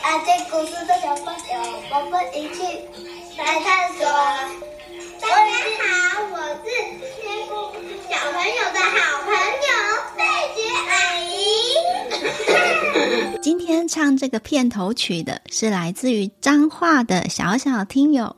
啊，這故事的小朋友，我們一起來探索。大家好，家好，我是天宮小朋友的好朋友費雪阿姨。 今天唱這個片頭曲的是來自於彰化的小小聽友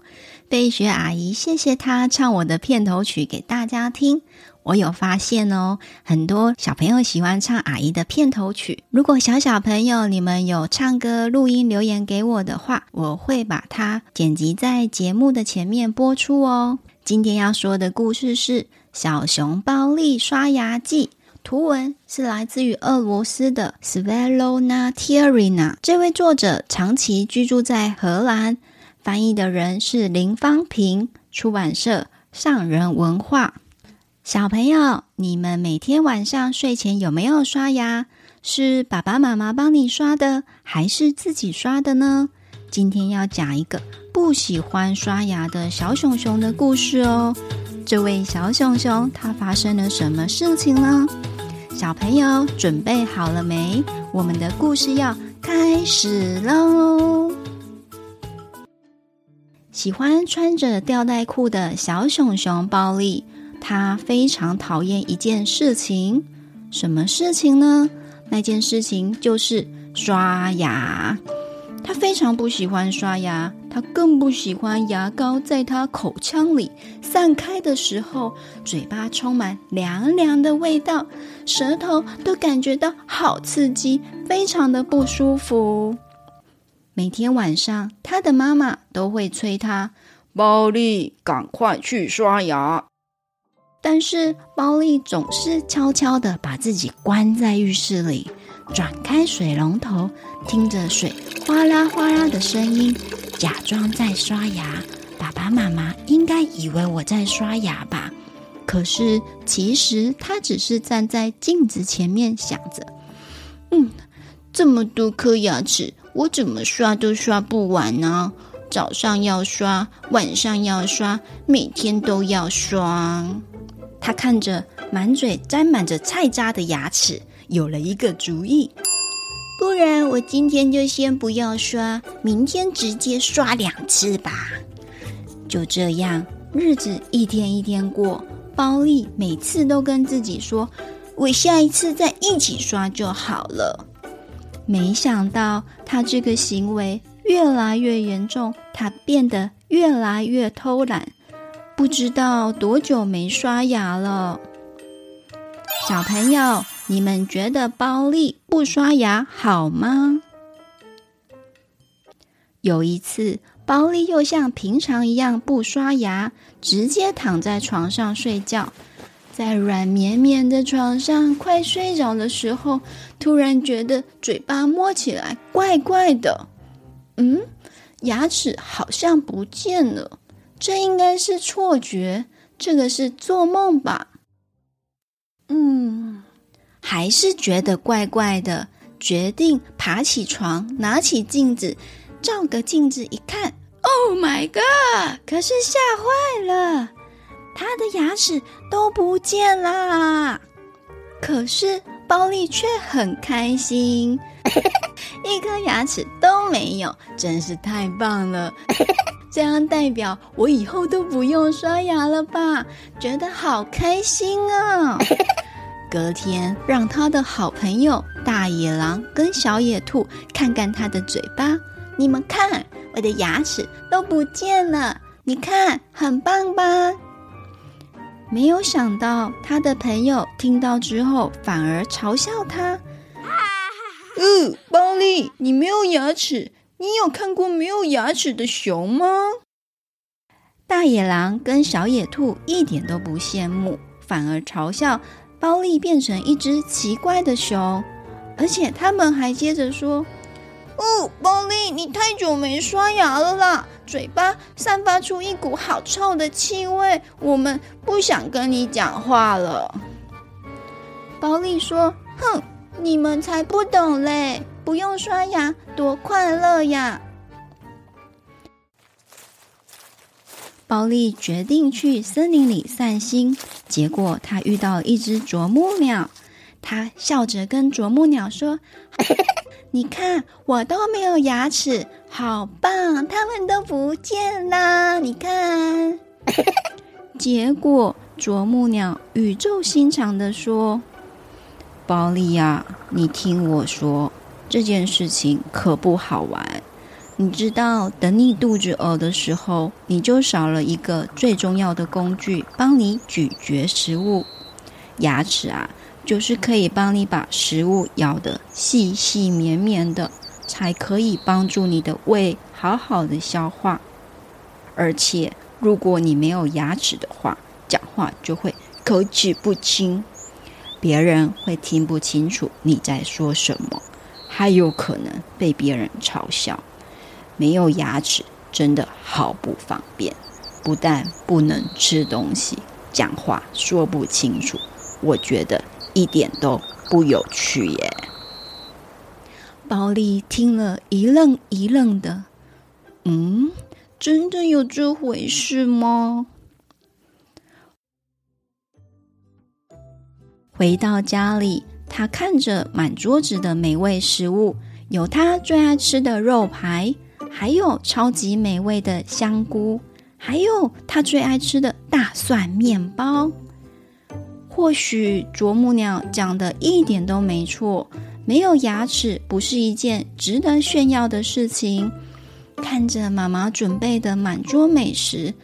費雪阿姨，謝謝她唱我的片頭曲給大家聽。我有發現哦，很多小朋友喜歡唱阿姨的片頭曲。如果小小朋友你們有唱歌錄音留言給我的話，我會把它剪輯在節目的前面播出哦。今天要說的故事是《小熊包力刷牙記》，圖文是來自於俄羅斯的 Svetlana Tiourina，這位作者長期居住在荷蘭，翻譯的人是林芳萍，出版社上人文化。小朋友，你們每天晚上睡前有沒有刷牙？是爸爸媽媽幫你刷的，還是自己刷的呢？今天要講一個不喜歡刷牙的小熊熊的故事哦。這位小熊熊他發生了什麼事情呢？小朋友準備好了沒？我們的故事要開始嘍！喜歡穿着吊帶褲的小熊熊包力。他非常討厭一件事情，什麼事情呢？那件事情就是刷牙。他非常不喜歡刷牙，他更不喜歡牙膏在他口腔裡散開的時候，嘴巴充滿涼涼的味道，舌頭都感覺到好刺激，非常的不舒服。每天晚上，他的媽媽都會催他：“包力，趕快去刷牙。”但是，包力總是悄悄的把自己關在浴室裡，轉開水龍頭，聽着水嘩啦嘩啦的聲音，假裝在刷牙。爸爸媽媽應該以為我在刷牙吧？可是，其實他只是站在鏡子前面，想着：“嗯，這麼多顆牙齒，我怎麼刷都刷不完呢？早上要刷，晚上要刷，每天都要刷。”他看着滿嘴沾滿着菜渣的牙齒，有了一個主意：不然我今天就先不要刷，明天直接刷兩次吧。就這樣，日子一天一天過，包力每次都跟自己說：“我下一次再一起刷就好了。”沒想到，他這個行為越來越嚴重，他變得越來越偷懶。不知道多久沒刷牙了，小朋友，你們覺得包力不刷牙好嗎？有一次，包力又像平常一樣不刷牙，直接躺在床上睡覺。在軟綿綿的床上快睡着的時候，突然覺得嘴巴摸起來怪怪的，嗯，牙齒好像不見了。這應該是錯覺，這個是做夢吧？嗯，還是覺得怪怪的，決定爬起床，拿起鏡子，照個鏡子一看，Oh my god！可是嚇壞了，他的牙齒都不見啦。可是包力卻很開心， 一顆牙齒都沒有，真是太棒了。 這樣代表我以後都不用刷牙了吧？覺得好開心啊，哦！ 隔天讓他的好朋友大野狼跟小野兔看看他的嘴巴，你們看，我的牙齒都不見了，你看，很棒吧？沒有想到他的朋友聽到之後反而嘲笑他。嗯、 呃，包力，你沒有牙齒。你有看過沒有牙齒的熊嗎？大野狼跟小野兔一點都不羨慕，反而嘲笑包力變成一隻奇怪的熊，而且他們還接着說：“哦，包力，你太久沒刷牙了啦，嘴巴散發出一股好臭的氣味，我們不想跟你講話了。”包力說：“哼，你們才不懂嘞。”不用刷牙，多快樂呀！包力決定去森林裡散心，結果他遇到了一隻啄木鳥，他笑着跟啄木鳥說：“ 你看，我都沒有牙齒，好棒，他們都不見啦！”你看， 結果啄木鳥語重心長的說：“包力呀，你聽我說。”這件事情可不好玩，你知道，等你肚子餓的時候，你就少了一個最重要的工具，幫你咀嚼食物。牙齒啊，就是可以幫你把食物咬得細細綿綿綿的，才可以幫助你的胃好好的消化。而且，如果你沒有牙齒的話，講話就會口齒不清，別人會聽不清楚你在說什麼。還有可能被別人嘲笑。沒有牙齒真的好不方便，不但不能吃東西，講話說不清楚，我覺得一點都不有趣耶。包力聽了一愣一愣的，嗯，真的有這回事嗎？回到家裡。他看着滿桌子的美味食物，有他最愛吃的肉排，還有超級美味的香菇，還有他最愛吃的大蒜麵包。或許啄木鳥講的一點都沒錯，沒有牙齒不是一件值得炫耀的事情。看着媽媽準備的滿桌美食，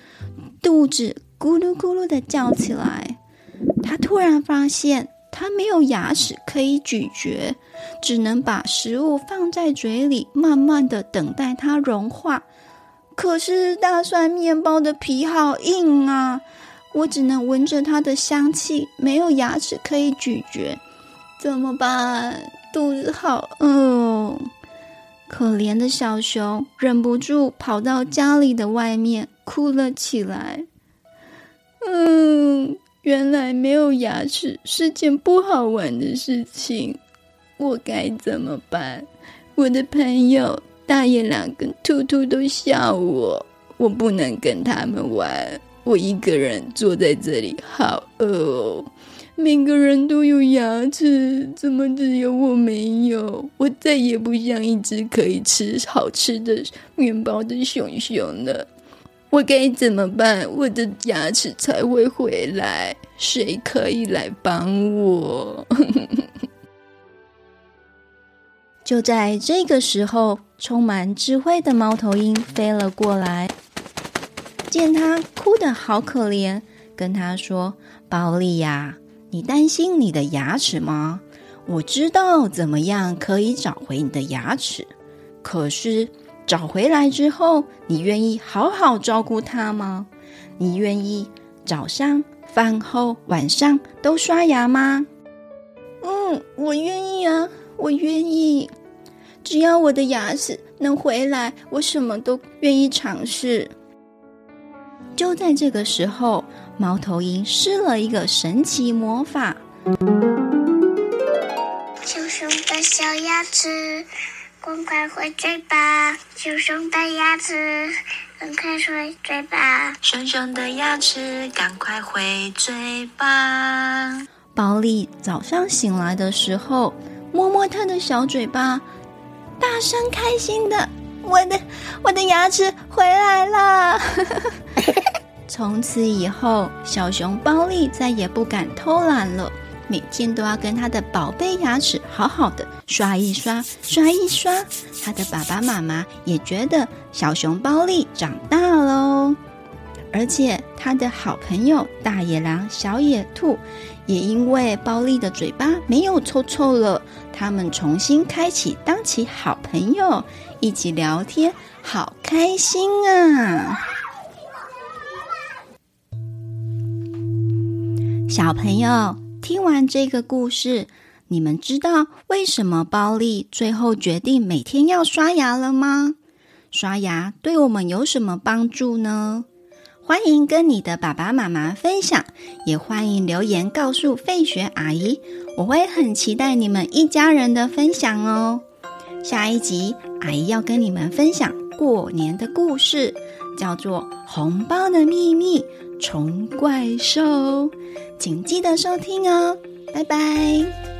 肚子咕嚕咕嚕的叫起來，他突然發現。它沒有牙齒可以咀嚼，只能把食物放在嘴裡，慢慢的等待它融化。可是大蒜麵包的皮好硬啊，我只能聞着它的香氣，沒有牙齒可以咀嚼，怎麼辦？肚子好餓。可憐的小熊忍不住跑到家裡的外面哭了起來，嗯。原來沒有牙齒是件不好玩的事情，我該怎麼辦？我的朋友大野狼跟兔兔都笑我，我不能跟他們玩。我一個人坐在這裡，好餓哦！每個人都有牙齒，怎麼只有我沒有？我再也不像一隻可以吃好吃的麵包的熊熊了。我該怎麼辦？我的牙齒才會回來？誰可以來幫我？ 就在這個時候，充滿智慧的貓頭鷹飛了過來，見他哭得好可憐，跟他說：“包力呀，你擔心你的牙齒嗎？我知道怎麼樣可以找回你的牙齒，可是。”找回來之後，你願意好好照顧它嗎？你願意早上、飯後、晚上都刷牙嗎？嗯，我願意啊，我願意。只要我的牙齒能回來，我什麼都願意嘗試。就在這個時候，貓頭鷹施了一個神奇魔法。求生的小牙齒。趕快回嘴巴！熊熊的牙齒，趕快回嘴巴！熊熊的牙齒，趕快回嘴巴！包力早上醒來的時候，摸摸他的小嘴巴，大聲開心的：“我的，我的牙齒回來了！” 從此以後，小熊包力再也不敢偷懶了。每天都要跟他的寶貝牙齒好好的刷一刷，刷一刷。他的爸爸媽媽也覺得小熊包力長大嘍，而且他的好朋友大野狼、小野兔，也因為包力的嘴巴沒有臭臭了，他們重新開啟，當起好朋友，一起聊天，好開心啊！小朋友。聽完這個故事，你們知道為什麼包力最後決定每天要刷牙了嗎？刷牙對我們有什麼幫助呢？歡迎跟你的爸爸媽媽分享，也歡迎留言告訴費雪阿姨，我會很期待你們一家人的分享哦。下一集，阿姨要跟你們分享過年的故事，叫做《紅包的秘密》。蟲怪獸，請記得收聽哦，拜拜。